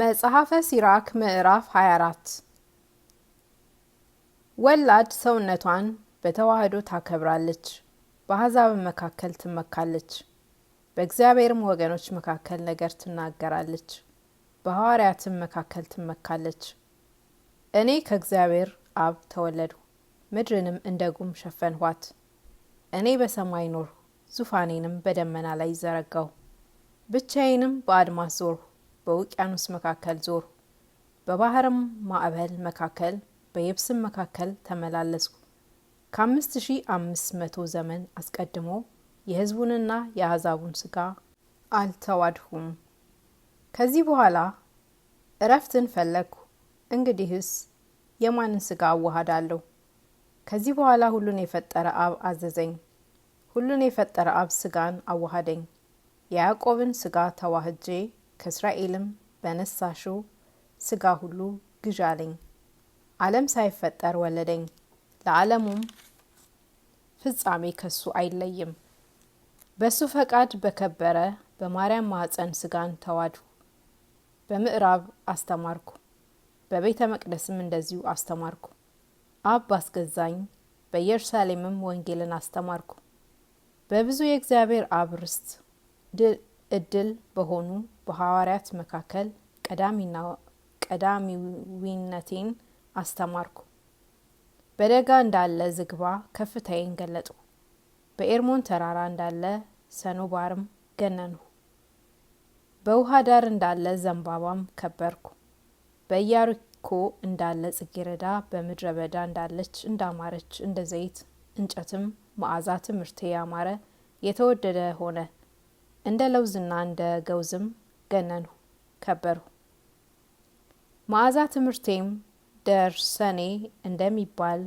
መጽሐፈ ሲራክ ምዕራፍ 24 ወላድ ሰውነቷን በተዋህዶ ታከብራለች፣ በአሕዛብ መካከል ትመካለች፣ በእግዚአብሔርም ወገኖች መካከል ነገር ትናገራለች፣ በሐዋርያትም መካከል ትመካለች። እኔ ከእግዚአብሔር አብ ተወለድሁ፣ ምድርንም እንደ ጉም ሸፈንኋት። እኔ በሰማይ ኖርሁ፣ ዙፋኔንም በደመና ላይ ዘረጋሁ፣ ብቻዬንም በአድማስ ዞርሁ በውቅያኖስ መካከል ዞር፣ በባህርም ማዕበል መካከል በየብስም መካከል ተመላለስኩ። ከአምስት ሺ አምስት መቶ ዘመን አስቀድሞ የህዝቡንና የአሕዛቡን ስጋ አልተዋድሁም። ከዚህ በኋላ እረፍትን ፈለግኩ። እንግዲህስ የማንን ስጋ አዋሃዳለሁ? ከዚህ በኋላ ሁሉን የፈጠረ አብ አዘዘኝ። ሁሉን የፈጠረ አብ ስጋን አዋሃደኝ። የያዕቆብን ስጋ ተዋህጄ ከእስራኤልም በነሳሽው ስጋ ሁሉ ግዥ አለኝ። ዓለም ሳይፈጠር ወለደኝ። ለዓለሙም ፍጻሜ ከሱ አይለይም። በሱ ፈቃድ በከበረ በማርያም ማኅፀን ስጋን ተዋድሁ። በምዕራብ አስተማርኩ፣ በቤተ መቅደስም እንደዚሁ አስተማርኩ። አብ ባስገዛኝ በኢየሩሳሌምም ወንጌልን አስተማርኩ። በብዙ የእግዚአብሔር አብ ርስት እድል በሆኑ በሐዋርያት መካከል ቀዳሚዊነቴን አስተማርኩ። በደጋ እንዳለ ዝግባ ከፍታዬን ገለጡ። በኤርሞን ተራራ እንዳለ ሰኖባርም ገነኑ። በውሃ ዳር እንዳለ ዘንባባም ከበርኩ። በኢያሪኮ እንዳለ ጽጌረዳ፣ በምድረ በዳ እንዳለች እንዳማረች እንደ ዘይት እንጨትም መዓዛ ትምህርቴ ያማረ የተወደደ ሆነ። እንደ ለውዝና እንደ ገውዝም ገነኑ ከበሩ። መዓዛ ትምህርቴም ደርሰኔ እንደሚባል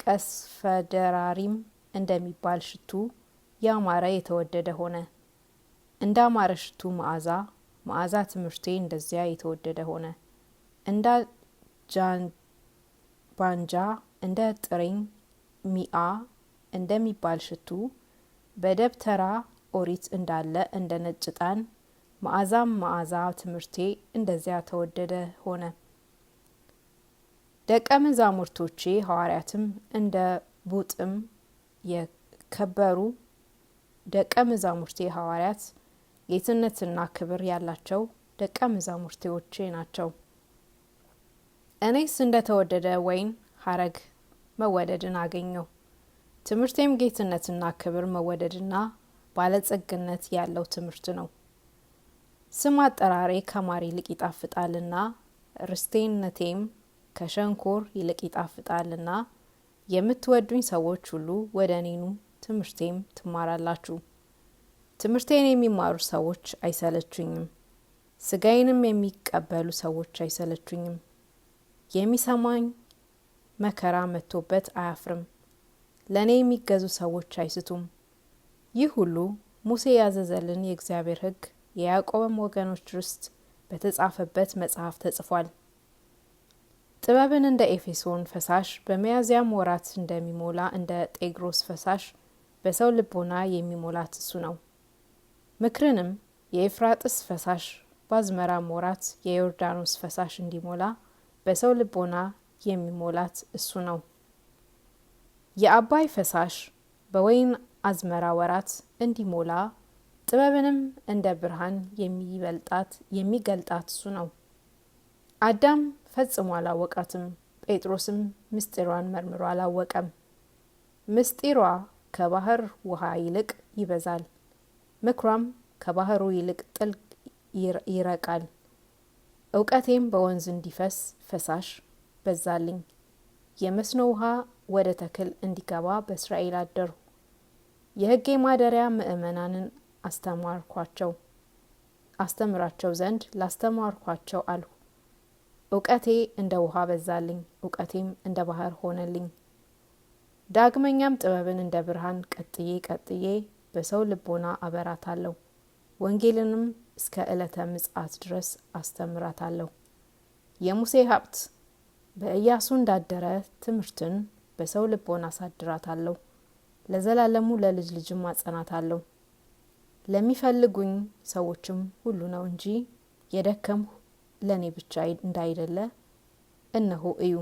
ቀስፈደራሪም እንደሚባል ሽቱ ያማረ የተወደደ ሆነ። እንዳማረ ሽቱ መዓዛ መዓዛ ትምህርቴ እንደዚያ የተወደደ ሆነ። እንደ ጃንባንጃ እንደ ጥሬኝ ሚአ እንደሚባል ሽቱ በደብተራ ኦሪት እንዳለ እንደ ነጭ ጣን መዓዛም መዓዛ ትምህርቴ እንደዚያ ተወደደ ሆነ። ደቀ መዛሙርቶቼ ሐዋርያትም እንደ ቡጥም የከበሩ ደቀ መዛሙርቴ ሐዋርያት ጌትነትና ክብር ያላቸው ደቀ መዛሙርቴዎቼ ናቸው። እኔስ እንደ ተወደደ ወይን ሐረግ መወደድን አገኘው። ትምህርቴም ጌትነትና ክብር መወደድና ባለጸግነት ያለው ትምህርት ነው። ስም አጠራሬ ከማር ይልቅ ይጣፍጣልና ርስቴነቴም ከሸንኮር ይልቅ ይጣፍጣልና የምትወዱኝ ሰዎች ሁሉ ወደ እኔኑ ትምህርቴም ትማራላችሁ። ትምህርቴን የሚማሩ ሰዎች አይሰለችኝም ስጋዬንም የሚቀበሉ ሰዎች አይሰለችኝም የሚሰማኝ መከራ መጥቶበት አያፍርም፣ ለእኔ የሚገዙ ሰዎች አይስቱም። ይህ ሁሉ ሙሴ ያዘዘልን የእግዚአብሔር ሕግ የያዕቆብም ወገኖች ውስጥ በተጻፈበት መጽሐፍ ተጽፏል። ጥበብን እንደ ኤፌሶን ፈሳሽ በሚያዝያም ወራት እንደሚሞላ እንደ ጤግሮስ ፈሳሽ በሰው ልቦና የሚሞላት እሱ ነው። ምክርንም የኤፍራጥስ ፈሳሽ በአዝመራም ወራት የዮርዳኖስ ፈሳሽ እንዲሞላ በሰው ልቦና የሚሞላት እሱ ነው። የአባይ ፈሳሽ በወይን አዝመራ ወራት እንዲሞላ ጥበብንም እንደ ብርሃን የሚበልጣት የሚገልጣት እሱ ነው። አዳም ፈጽሞ አላወቃትም። ጴጥሮስም ምስጢሯን መርምሮ አላወቀም። ምስጢሯ ከባህር ውሃ ይልቅ ይበዛል፣ ምክሯም ከባህሩ ይልቅ ጥልቅ ይረቃል። እውቀቴም በወንዝ እንዲፈስ ፈሳሽ በዛልኝ፣ የመስኖ ውሃ ወደ ተክል እንዲገባ በእስራኤል አደሩ። የህጌ ማደሪያ ምእመናንን አስተማርኳቸው አስተምራቸው ዘንድ ላስተማርኳቸው አልሁ። እውቀቴ እንደ ውሃ በዛልኝ፣ እውቀቴም እንደ ባህር ሆነልኝ። ዳግመኛም ጥበብን እንደ ብርሃን ቀጥዬ ቀጥዬ በሰው ልቦና አበራታለሁ። ወንጌልንም እስከ ዕለተ ምጽአት ድረስ አስተምራታለሁ። የሙሴ ሀብት በኢያሱ እንዳደረ ትምህርትን በሰው ልቦና አሳድራታለሁ። ለዘላለሙ ለልጅ ልጅም አጸናታለሁ። ለሚፈልጉኝ ሰዎችም ሁሉ ነው እንጂ የደከምሁ ለእኔ ብቻ እንዳይደለ እነሆ እዩ።